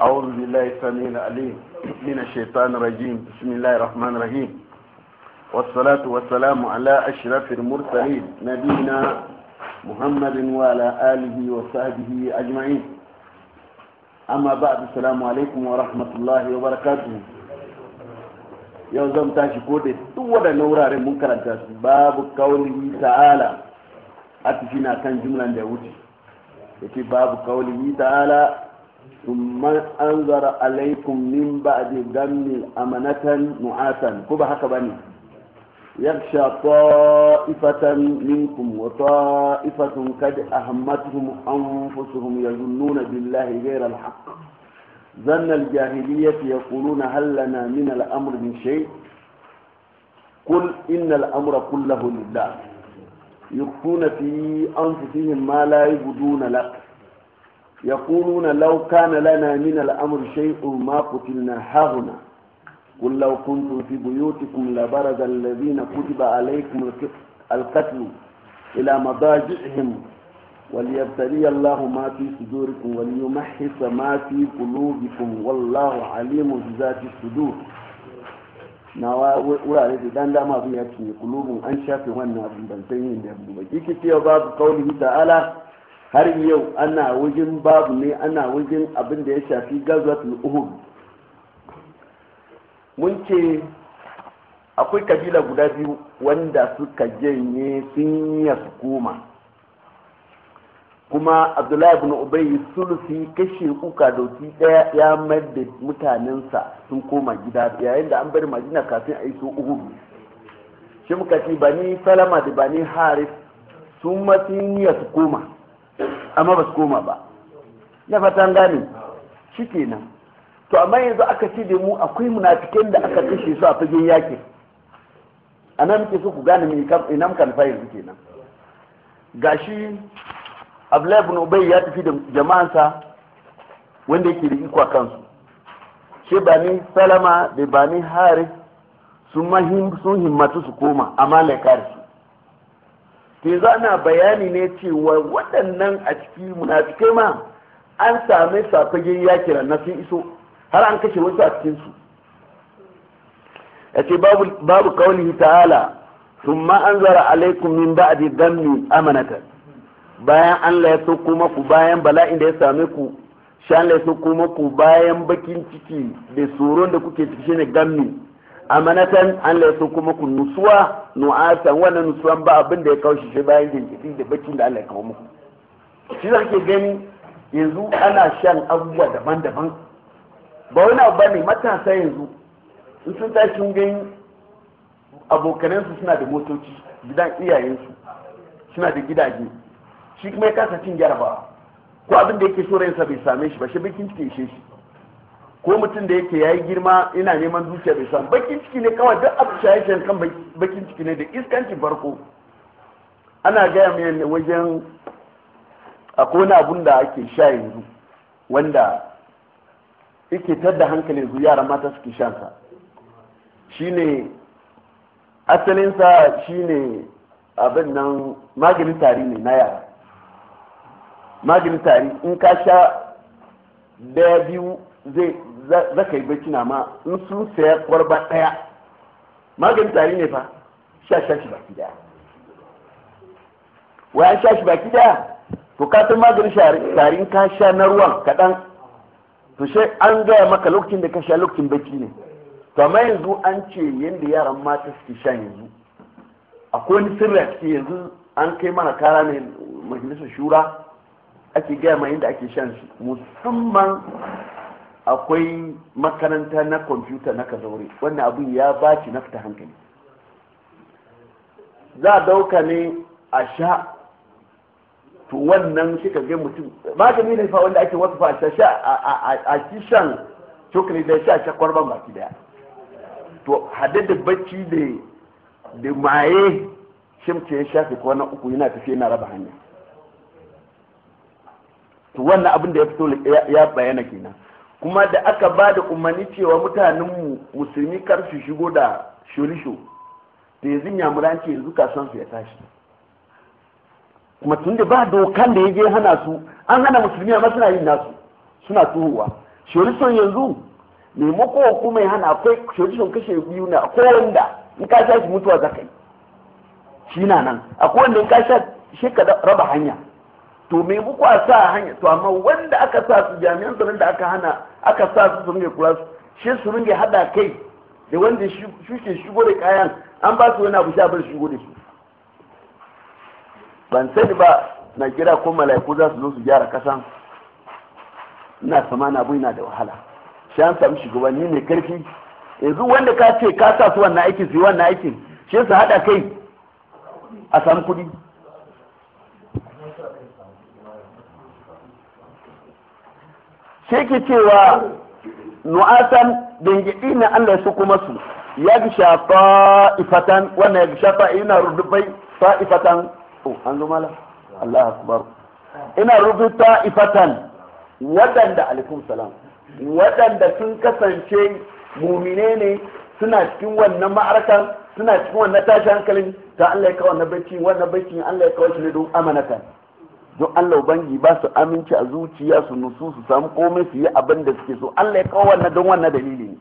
أعوذ بالله السميع العليم من الشيطان الرجيم بسم الله الرحمن الرحيم والصلاة والسلام على أشرف المرسلين نبينا محمد وعلى آله وصحبه أجمعين أما بعد السلام عليكم ورحمة الله وبركاته yau zan tashi ko da duk waɗannan wuraren mun karanta su babu kaulihi ta'ala a tafi na kan jumlan da ثم أنظر عليكم من بعد ذنب أمنة نعاسا كبه بني يخشى طائفة منكم وطائفة قد أهمتهم أنفسهم يظنون بالله غير الحق ظن الجاهلية يقولون هل لنا من الأمر من شيء قل إن الأمر كله لله يخفون في أنفسهم ما لا يبدون لك يقولون لو كان لنا من الأمر شيء ما قتلنا هاهنا قل لو كنتم في بيوتكم لبرز الذين كتب عليكم القتل إلى مضاجعهم وليبتلي الله ما في صدوركم وليمحص ما في قلوبكم والله عليم بذات الصدور na wurare da dan dama ما في ce kulubun an shafe wannan abin ban san yin قوله تعالى har yau ana wajen babu ne ana wajen abin da ya shafi gazatul uhud mun ce akwai kabila guda biyu wanda suka janye sun ya koma kuma abdullahi ibn ubay sulusi kashe uka wuti daya ya mayar da mutanensa sun koma gida yayin da an bari majina kafin a iso uhud shi muka ce bani salama da bani haris sun matsin su koma amma ba su koma ba na fatan gani shi kenan to amma yanzu aka ce da mu akwai munafikin da aka kashe su a fagen yaki a nan muke so ku gane mai ina muka nufa yanzu kenan gashi abdullahi ibn ubay ya tafi da jama'ansa wanda yake da iko kansu shi bani salama da bani Hari sun himmatu su koma amma laikari yanzu ana bayani ne cewa waɗannan a ciki munafikai ma an sami safagen yakin na sun iso har an kashe wasu a cikinsu ya ce babu kaunihi ta'ala sun anzara alaikum min ba'di dammi amanatan bayan Allah ya sauko maku bayan bala'in da ya same ku shan laye so sauko maku bayan bakin ciki da tsoron da kuke ciki shine gammi amanatan an laiso kuma ku nusuwa nu'asan wannan nusuwan ba abin da ya kaushe shi bayan jinkiti da bakin da Allah ya kawo muku shi za ke gani yanzu ana shan abubuwa daban-daban ba wani abu bane matasa yanzu in sun tashi sun gani abokanansu suna da motoci gidan iyayensu suna da gidaje shi kuma ya kasa cin jarabawa ko abin da yake so ransa bai same shi ba shi bakin cikin shi ko mutum da yake ya yi girma ina neman zuciya bai samu bakin ciki ne kawai duk abu shaye kan bakin ciki ne da iskancin farko ana gaya mai wajen akwai wani abun da ake sha yanzu wanda yake da hankali yanzu yara mata suke shan shansa shine asalinsa shine abin nan maganin tari ne na yara maganin tari in ka sha daya biyu zai zaka yi bacci na ma in sun saya kwarba daya magani tari ne fa sha sha shi baki daya waya sha shi baki daya to ka san maganin tarin ka sha na ruwan kaɗan to sai an gaya maka lokacin da ka sha lokacin bacci ne to amma yanzu an ce yadda yaran mata suke sha yanzu akwai wani sirri a ciki yanzu an kai mana kara ne majalisar shura ake gaya ma yadda ake shan musamman akwai makaranta na kwamfuta na kazaure wannan abin ya baci na fita hankali za a dauka ne a sha to wannan shi ka ga mutum magani ne fa wanda ake wasu fa a sha a ci shan cokali da sha sha kwarban baki daya to haddada da bacci da da maye shimce ya shafe kwana uku yana tafiya na raba hanya to wannan abin da ya fito ya bayana kenan kuma da aka ba da umarni cewa mutanenmu musulmi kar su shigo da shorisho da yanzu nyamuranci yanzu kasuwan su ya tashi kuma tun da ba dokan da ya je hana su an hana musulmi amma suna yin nasu suna tuhuwa shirishon yanzu maimako kuma ya hana akwai shirishon kashe biyu na akwai wanda in ka sha shi mutuwa zaka yi shi na nan akwai wanda in ka sha shi ka raba hanya to me muku a sa hanya to amma wanda aka sa su jami'an tsaron da aka hana aka sa su sun ringe kula shi su ringe hada kai da wanda shuke shigo da kayan an ba su wani abu sha bar shigo da shi. ban sani ba na kira ko mala'iku za su zo su gyara kasan ina sama na yana da wahala shi an samu shugabanni mai karfi yanzu wanda ka ce ka sa su wannan aikin su yi wannan aikin shi su hada kai a samu kuɗi sai ke cewa nu'atan dangidi na Allah su kuma su ya fi shafa ifatan wannan ya gi shafa ina rudubai fa ifatan oh an zo mala Allah akbar ina rubuta ifatan waɗanda alaikum salam waɗanda sun kasance mumine ne suna cikin wannan ma'arakan suna cikin wannan tashi hankalin ta Allah ya kawo wannan bacci wannan bacci Allah ya kawo shi ne don amanatan don Allah ubangi ba su aminci a zuciya su nusu su samu komai su yi abin da suke so Allah ya kawo wannan don wannan dalili ne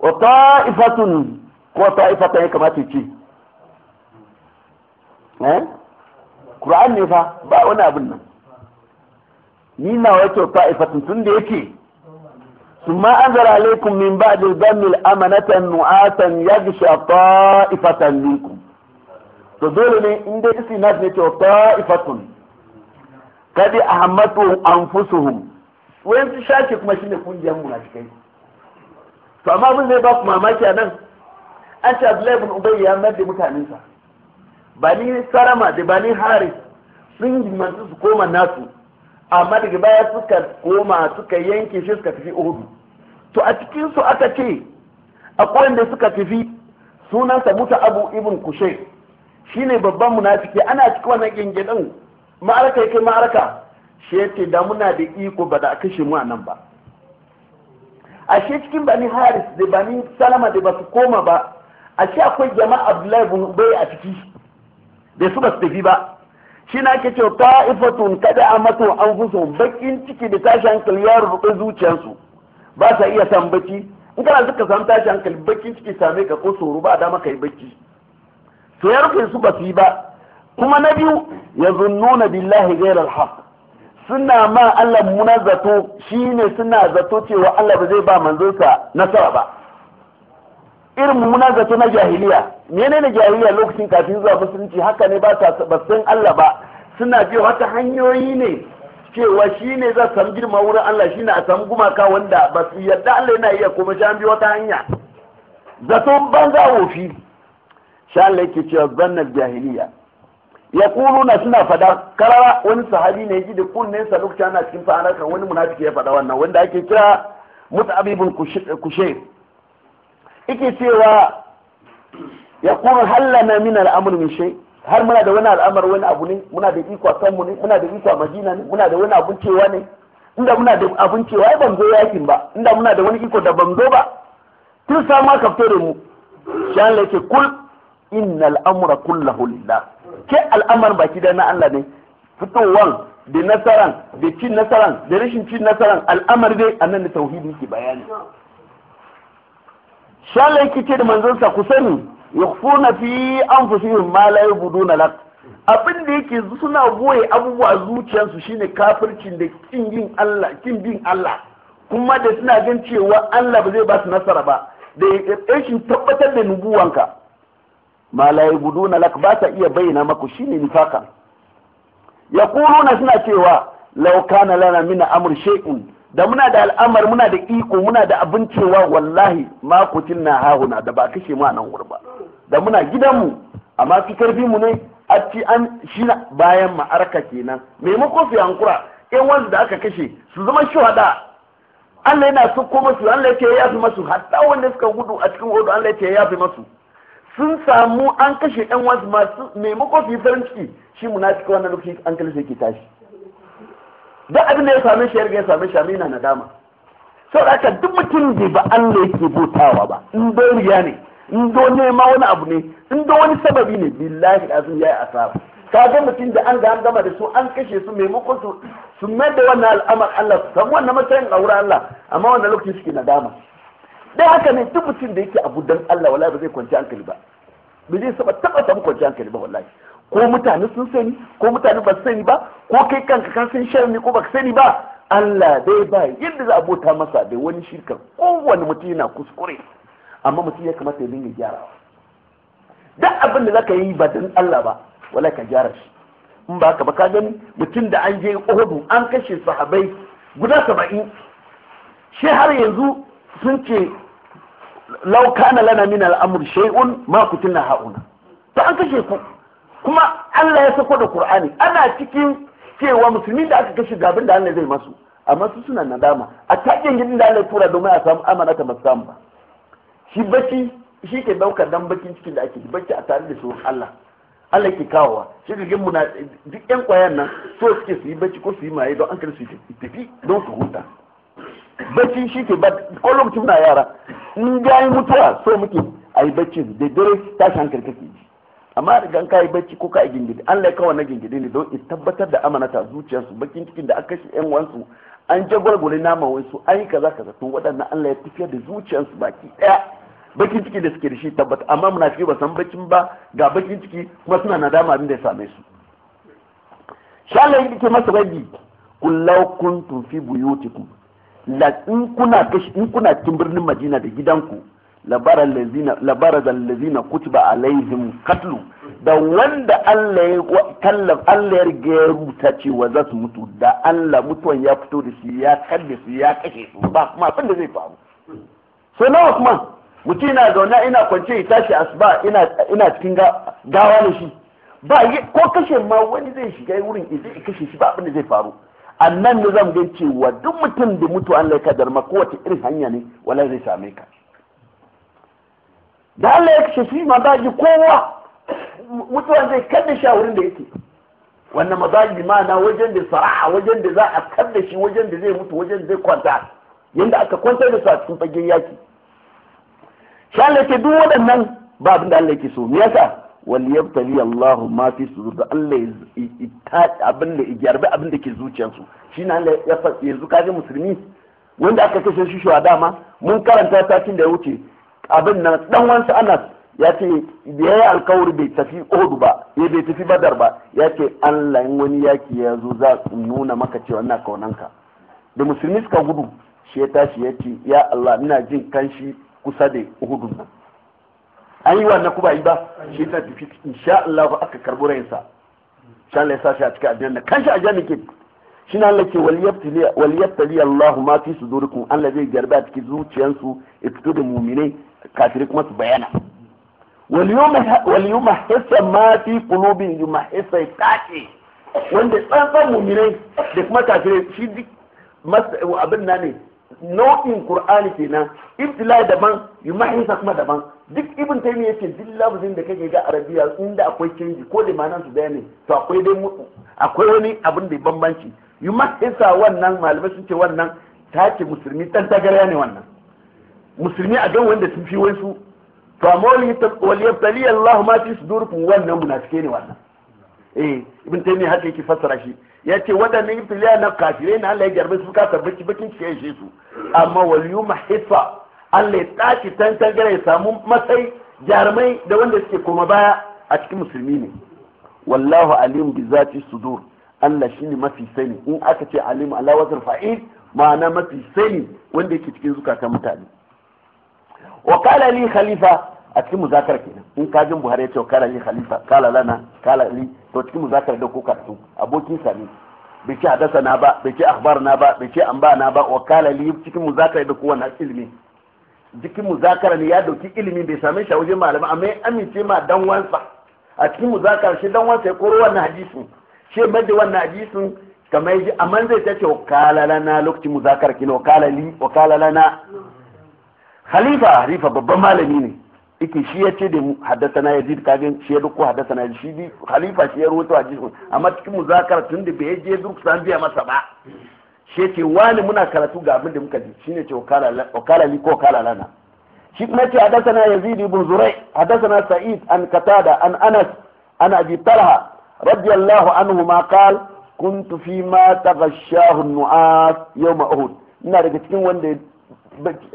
wa ta'ifatun ko ta'ifatan ya kamata ce eh Qur'an ne fa ba wani abin nan ni na wato ta'ifatun tun da yake ثم أنزل عليكم من بعد الدم الأمنة نعاسا يغشى طائفة منكم to dole ne in dai istinaf ne ta'ifatun kadi ahammatuhum anfusuhum wayansu shaki kuma shine kungiyar munafikai to amma mun zai ba ku mamaki a an ce Abdullahi ibn Ubay ya mayar da mutanensa ba ni Sarama da ba ni Haris sun himmatu su koma nasu amma daga baya suka koma suka yanke shi suka tafi Uhud to a cikin su aka ce akwai wanda suka tafi sunansa Muta Abu ibn Kushay shine babban munafiki ana cikin wannan din ma'araka yake ma'araka shi yace da muna da iko ba da a kashe mu a nan ba a shi cikin bani haris da bani salama da ba su koma ba a shi akwai jama'a abdullahi bin a ciki da su ba su tafi ba shi na ce cewa ifatun kada a mato an fuso bakin ciki da tashi hankali ya rubuta zuciyarsu ba sa iya san bacci in kana suka samu tashi hankali bakin ciki same ka ko tsoro ba dama kai bacci to ya rufe su ba su yi ba kuma na biyu ya zunnuna billahi gairar haq suna ma Allah muna zato shine suna zato cewa Allah ba zai ba manzonsa nasara ba irin muna zato na jahiliya menene jahiliya lokacin kafin zuwa musulunci haka ne ba ta san Allah ba suna bi wata hanyoyi ne cewa shi ne za samu girma wurin Allah shi ne a samu gumaka wanda ba su yadda Allah yana iya kuma shi an bi wata hanya zato banza wofi sha Allah yake cewa zannar jahiliya ya na suna fada karara wani sahabi ne ji da sa lokacin ana cikin fa'anarka wani munafiki ya fada wannan wanda ake kira mutab abibin kushe yake cewa ya kuma hallana min al'amur min shay har muna da wani al'amar wani abu ne muna da iko a mu ne muna da iko madina ne muna da wani abun cewa ne inda muna da abun cewa ai ban zo yakin ba inda muna da wani iko da ban zo ba tun sama ka fito da mu shan yake kul innal amra kullahu lillah ke al'amarin baki da na Allah ne fitowan da nasaran da cin nasaran da rashin cin nasaran al'amari dai a nan da tauhidi ke bayani shalai kike da manzansa ku sani ya yakhfuna fi shi ma la na lak abin da yake suna goye abubuwa zuciyarsu shine kafircin da kin bin Allah kuma da suna gan cewa Allah ba zai ba su nasara ba da rashin tabbatar da nubuwanka ma la yabuduna lak ba ta iya bayyana maku shine nifakan na suna cewa lauka na lana min amr shay'un da muna da al'amar muna da iko muna da abin cewa wallahi ma kutilna hahuna da ba kashe mu nan gurba da muna gidanmu amma fi karfi mu ne a ci an shi bayan ma'arka kenan maimakon su yankura yan wanda da aka kashe su zama shuhada Allah yana so ko masu Allah ya ce ya fi masu hatta wanda suka gudu a cikin odu Allah ya ce ya fi masu sun samu an kashe ɗan wasu masu maimako su yi farin ciki shi munafiki wannan lokaci an kalli ke tashi ba abin da ya same shi ya same shi amina na dama sau da duk mutum da ba Allah yake bautawa ba in do riya ne in do nema wani abu ne in do wani sababi ne billahi azim yayi asara kaga mutum da an ga an gama da su an kashe su maimakon su su mai da wannan al'amar Allah su samu wannan matsayin a wurin Allah amma wannan lokaci suke nadama dama dan haka ne duk mutum da yake abu dan Allah wallahi ba zai kwanci hankali ba ba zai saba taba samu kwanci hankali ba wallahi ko mutane sun sani ko mutane ba su sani ba ko kai kanka kan san ne ko ba ka sani ba Allah dai ba yadda za a bota masa da wani shirka kowane mutum yana kuskure amma mutum ya kamata ya dinga gyara duk abin da zaka yi ba dan Allah ba wallahi ka gyara shi in ba ka ba ka gani mutum da an je Uhud an kashe sahabbai guda 70 shi har yanzu sun ce laukana na lana min al'amur shai’un ma na hauna ta an kashe ku kuma Allah ya sako da Kur'ani, ana cikin cewa musulmi da aka kashe gabin da Allah zai masu amma su suna nadama a takin gidan da Allah ya tura domin a samu amana ta masu samu ba shi bacci shi ke daukar dan bakin cikin da ake baki a tare da su Allah Allah ke kawowa shi ga muna duk yan kwayan nan so suke su yi bacci ko su yi maye don an kar su tafi don su huta bacci shi ke ko lokaci na yara in ga yi mutuwa so muke a yi bacci da dare tashi hankali kake ji amma da ka yi bacci ko ka yi gingidi an lai kawai na gingidi ne don in tabbatar da amanata zuciyarsu bakin cikin da aka shi yan wansu an je gwargwale nama an yi kaza kaza to waɗannan Allah ya tafiyar da zuciyarsu baki ɗaya bakin ciki da suke da shi tabbata amma fiye ba san bakin ba ga bakin ciki kuma suna nadama abin da ya same su sha Allah ke masa rabbi kullau kuntum fi buyutikum in kuna cikin birnin Madina da gidanku labarazan lazina kutuba alaihim katlu da wanda Allah ya riga ya rubuta cewa za su mutu da Allah mutuwan ya fito da shi ya kalle su ya kashe su ba kuma abin da zai faru so nawa kuma mutum ina zaune ina kwance ya tashi asuba ina ina cikin gawa da shi ba ko kashe ma wani zai shiga wurin zai kashe shi ba abin da zai faru annan ne zan gan cewa duk mutum da mutu Allah ya kadar ma kowace irin hanya ne wala zai same ka da Allah ya shafi mazaji kowa mutuwa zai kada shi a wurin da yake wannan mazaji ma'ana wajen da sara'a wajen da za a kada shi wajen da zai mutu wajen da zai kwanta yadda aka kwantar da su a cikin fagen yaki shi Allah ke duk waɗannan ba abin da Allah ke so me yasa waliyabtali Allahu ma fi sudur Allah ya abin da abin da ke zuciyarsu shine Allah ya yanzu kaje musulmi wanda aka kashe shi shuwa dama mun karanta takin da ya wuce abin nan dan wansa Anas ya ce da yayi alkawari bai tafi odu ba ya bai tafi Badar ba ya ce Allah in wani yaki ya zo za su nuna maka cewa ina kaunanka da musulmi suka gudu shi ya tashi ya ce ya Allah ina jin kanshi kusa da Uhud nan an yi wannan kuma yi ba shi ta tafi insha Allah ba aka karbo sa insha Allah ya sa shi a cikin aljanna kanshi a janna ke shi na Allah ke waliyabtali Allah ma fi sudurikum Allah zai garba a cikin zuciyansu a fito da mumine kafirai kuma su bayana waliyu hissa ma fi qulubin yuma hissa tace wanda tsantsan mumine da kuma kafirai shi abin na ne nau'in qur'ani kenan ibtila daban yumahisa kuma daban duk ibn taymiya yace duk lafzin da kake ga arabiya inda akwai canji ko da ma'anar su daya ne to akwai dai akwai wani abin da bambanci yumahisa wannan malamai sun ce wannan ta ce musulmi dan tagarya ne wannan musulmi a gan wanda sun fi wasu to amma wali yabtali Allah ma fi sudurkum wannan munafike ne wannan eh ibn taymiya haka yake fassara shi ya ce waɗannan filiya na kafirai na Allah ya jarbe su kasa baki bakin cike ya su amma waliyu mahaifa Allah ya tashi tantangare ya samu matsayi jarumai da wanda suke koma baya a cikin musulmi ne wallahu alim bi zati sudur Allah shine mafi sani in aka ce alim ala wazir fa'il ma'ana mafi sani wanda yake cikin zukatan mutane wa qala khalifa a cikin muzakar kenan in kajin buhari ya ce kala yi khalifa kala lana kala li to cikin muzakar da kuka su abokin sa ne bai ce hadasa na ba bai ce akhbar na ba bai ce ba na ba wa kala li cikin muzakar da kowanne ilimi cikin muzakar ne ya dauki ilimi bai same shi a wajen malama amma ya amince ma dan wansa a cikin muzakar shi dan wansa ya koro wannan hadisin shi ya da wannan hadisin kamar yaji amma zai ta ce kala lana lokacin muzakara kina kala li kala lana khalifa harifa babban malami ne iki shi ya ce da mu haddasana yazid kage shi ya haddasa na shi bi khalifa shi ya rawaito hadisi amma cikin muzakara tun da bai je duk san biya masa ba shi ce wani muna karatu ga abin da muka ji shine ce wakala li ko kala lana shi kuma ce haddasa na yazid ibn zurai na sa'id an katada an anas an abi talha radiyallahu anhu ma qala kuntu fi ma taghashahu an-nu'as yawm uhud ina daga cikin wanda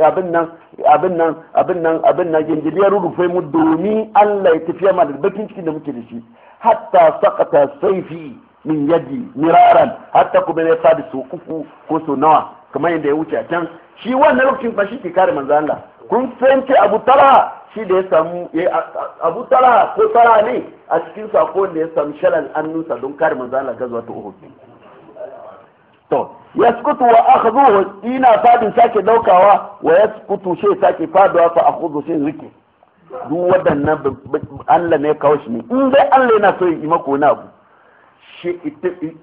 abin nan abin nan abin nan abin nan gingiliyar rufe mu domin Allah ya tafiya mana da bakin cikin da muke da shi hatta sakata saifi min yadi miraran hatta kuma ya fadi so uku ko so nawa kamar yadda ya wuce a can shi wannan lokacin ba shi ke kare manzo Allah kun ce Abu Talha shi da ya samu Abu Talha ko Talha ne a cikin sako da ya samu shalal annunsa don kare manzo Allah gazuwa ta Uhud to yaskutu wa akhdhuhu ina fadin sake daukawa wa yaskutu shi sake faduwa fa akhudhu shi rike duk waɗannan Allah ne kawo shi ne in dai Allah yana so yi mako na abu shi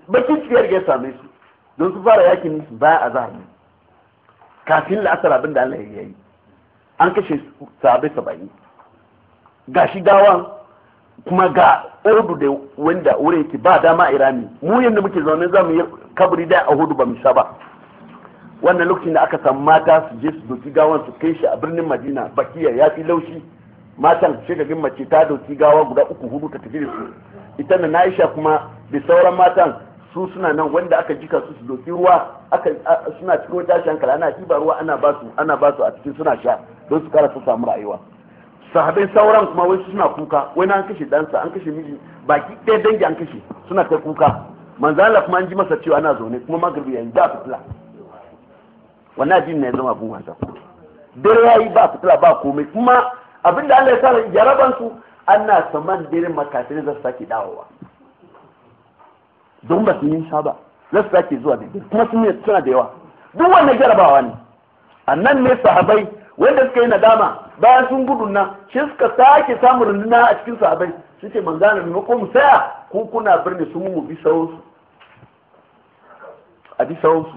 bakin tsiyar ya same su don su fara yakin su bayan a zahari kafin la'asar abin da Allah ya yi an kashe sabai saba'in gashi gawan kuma ga ordu da wanda wurin yake ba dama irami mu yadda muke zaune za mu yi kabri da a hudu ba mu sha ba wannan lokacin da aka samu mata su je su doki gawan su kai shi a birnin madina bakiya ya fi laushi matan shigagin mace ta doki gawa guda uku hudu ta tafi da su ita na aisha kuma da sauran matan su suna nan wanda aka jika su su doki ruwa aka suna cikin wata shankara ana ba ruwa ana ana basu a cikin suna sha don su kara su samu rayuwa sahabai sauran kuma wasu suna kuka wani an kashe dansa an kashe miji baki ɗaya dangi an kashe suna kai kuka manzala kuma an ji masa cewa ana zaune kuma magharibi yanzu ba fitila wannan addini ne ya zama abin wasa dare yi ba fitila ba komai kuma da Allah ya sa yaraban su ana saman dare makasai za su sake dawowa don ba su yi saba za su sake zuwa da kuma suna da yawa duk wannan jarabawa ne nan ne sahabai wanda suka yi nadama bayan sun gudun nan shi suka sake samun runduna a cikin sahabai Su ce manzana mako mu saya ko kuna birni su mu bi sauransu a bi sauransu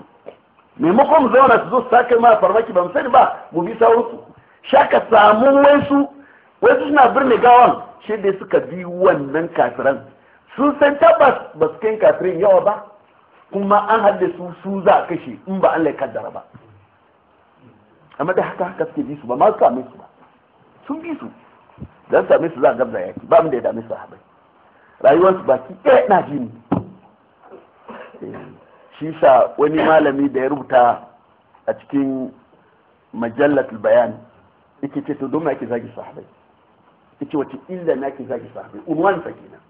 mako mu zauna su zo su sake ma farmaki ba mu sani ba mu bi sauransu shaka samu wasu wasu suna birni gawan shi dai suka bi wannan kafiran sun san tabbas ba su kai kafirin yawa ba kuma an haɗe su su za a kashe in ba an lai ba amma da haka haka suke bi su ba ma su same su ba sun bi su zan same su za a gabza yaki ba mu da ya dame su sahabai rayuwarsu baki ɗaya na ji ni eh, shi sa wani malami da ya rubuta a cikin Majallar bayan yake ce to don ake zagi sahabai yake wace illa na ake zagi sahabai sa kenan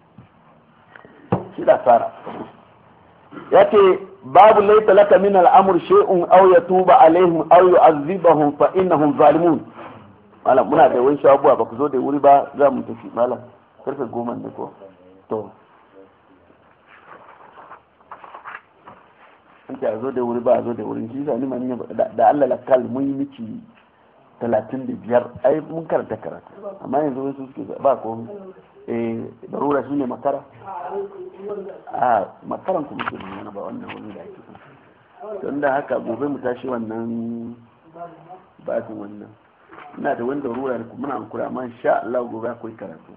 shi da fara yace babu laita laka min al'amur shay'un aw yatuba alaihim aw yu'adhibahum fa innahum zalimun malam muna da wani shabuwa ba ku zo da wuri ba za mu tafi malam karfe goma ne ko to an ce zo da wuri ba a zo da wuri shi zani man da Allah lakal mun yi miki talatin da biyar ai mun karanta karatu amma yanzu wasu suke ba ko eh darura shine makara ah makaran kuma ke nuna ba wannan wani da ake don da haka gobe mu tashi wannan batin wannan ina da wanda darura ne kuma an kura man sha Allah gobe akwai karatu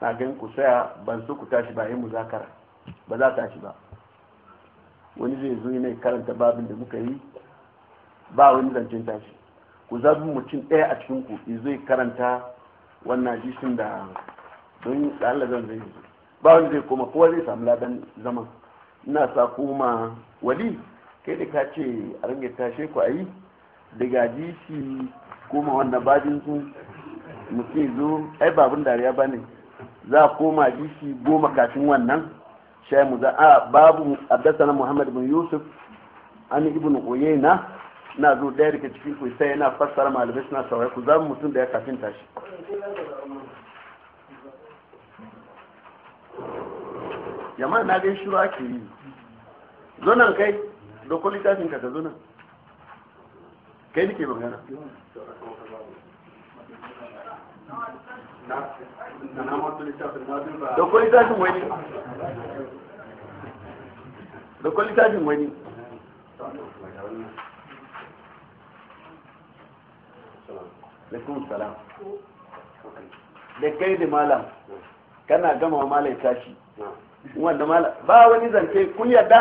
na gan ku saya ban so ku tashi ba yin muzakara ba za ta tashi ba wani zai zo ne karanta babin da muka yi ba wani zancen tashi ku zabi mutum ɗaya a cikin ku zai karanta wannan jishin da don Allah zan zai ba wani zai koma kowa zai samu ladan zaman ina sa kuma wali kai da ka ce a ringa tashe ku ayi daga jishi koma wannan bajin su mutum zo ai babun dariya ba ne za a koma jishi goma kafin wannan shayi mu za a babu abdasana muhammad bin yusuf an ibn uyayna na zo ɗaya daga cikin ku sai yana fassara malamai suna saurari ku zamu mutum da ya kafin tashi yamma na gai shiru ake yi zonan kai da ko tafin ka zo nan kai nake magana da ko tafin wani da ko tafin wani alaikum salam da kai da malam kana gama malam tashi wanda malam ba wani zance kun yadda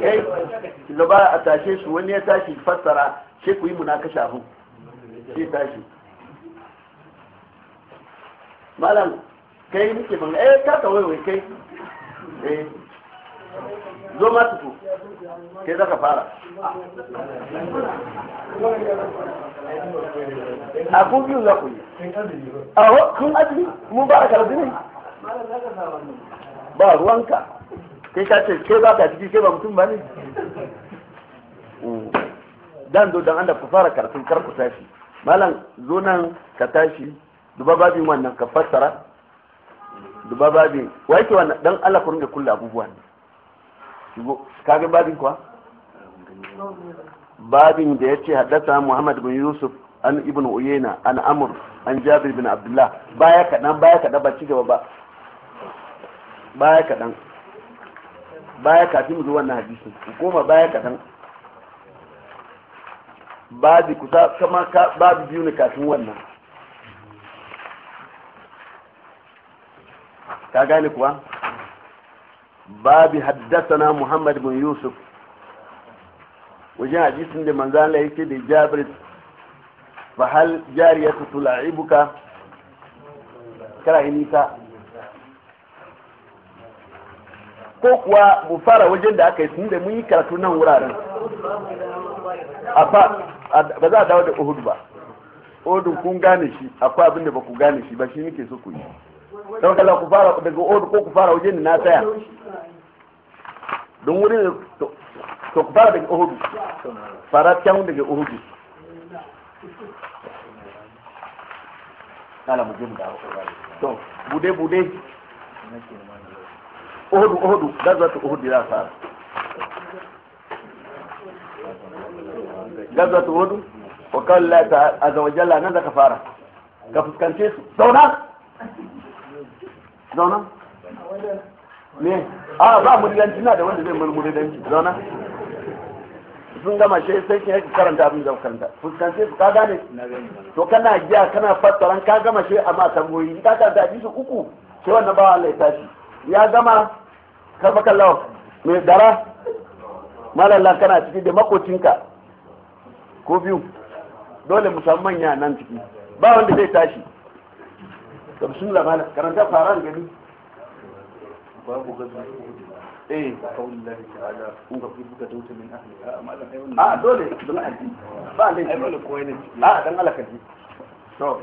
kai gaba a tashe su wani ya tashi fassara shi ku yi munakasha abu shi tashi malam kai nake ban eh ka kawai kai eh zo ma tutu ke za ka fara a kun biyu za ku yi aho kun azumi mu ba a karbi ne ba ruwanka ke ka ce ke ba ka ciki ke ba mutum ba ne mm. dan do dan anda ku fara karatun kar ku tashi malam zo nan ka tashi duba babin wannan ka fassara duba babin wa yake wannan dan Allah ku ringa kullu abubuwan kaga babin kuwa babin da ya ce haddasa muhammad bin yusuf an ibn uyena an amur an jabir bin abdullah baya kaɗan baya kaɗan ba ci gaba ba baya kaɗan baya kafin mu zo wannan hadisi koma baya kaɗan babi kusa kama babi biyu ne kafin wannan ka gane kuwa babi haddasana muhammad bin yusuf wajen hadisin da manzala yake da jabir fa hal jariyatu tula'ibuka kara inita ko kuwa mu fara wajen da aka yi tun mun yi karatu nan wuraren ba za a dawo da uhud ba odun kun gane shi akwai abin da ba gane shi ba shi nake ku yi don kala ku ko ku wajen da na saya. don wurin to ku fara daga ohudu fara kyan daga ohudu kala mujim da to bude bude da za ta ohudu za fara ta ohudu wa kalla ta azawajalla nan da ka fara ka fuskance su zauna zauna ne a ba muryanci na da wanda zai murmure danci zauna sun gama shi sai kin yake karanta abin zan karanta fuskance su ka gane to kana giya kana fassaran ka gama shi amma tamboyi ka karanta su, uku sai wannan bawa Allah ya tashi ya gama karba kallawa mai dara malalla kana ciki da makocinka ko biyu dole mu samu manya nan ciki ba wanda zai tashi to bisimila, malam karanta fara gani babu gazan eh kawai Allah ta'ala in ga kuka da wuta min ahli a malam ai wannan a dole don addini ba lai ai malam koyi ne a dan Allah kaji to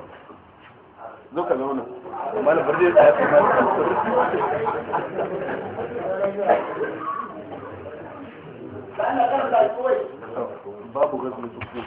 zo ka zauna malam bari ya tsaya malam babu gazan kuku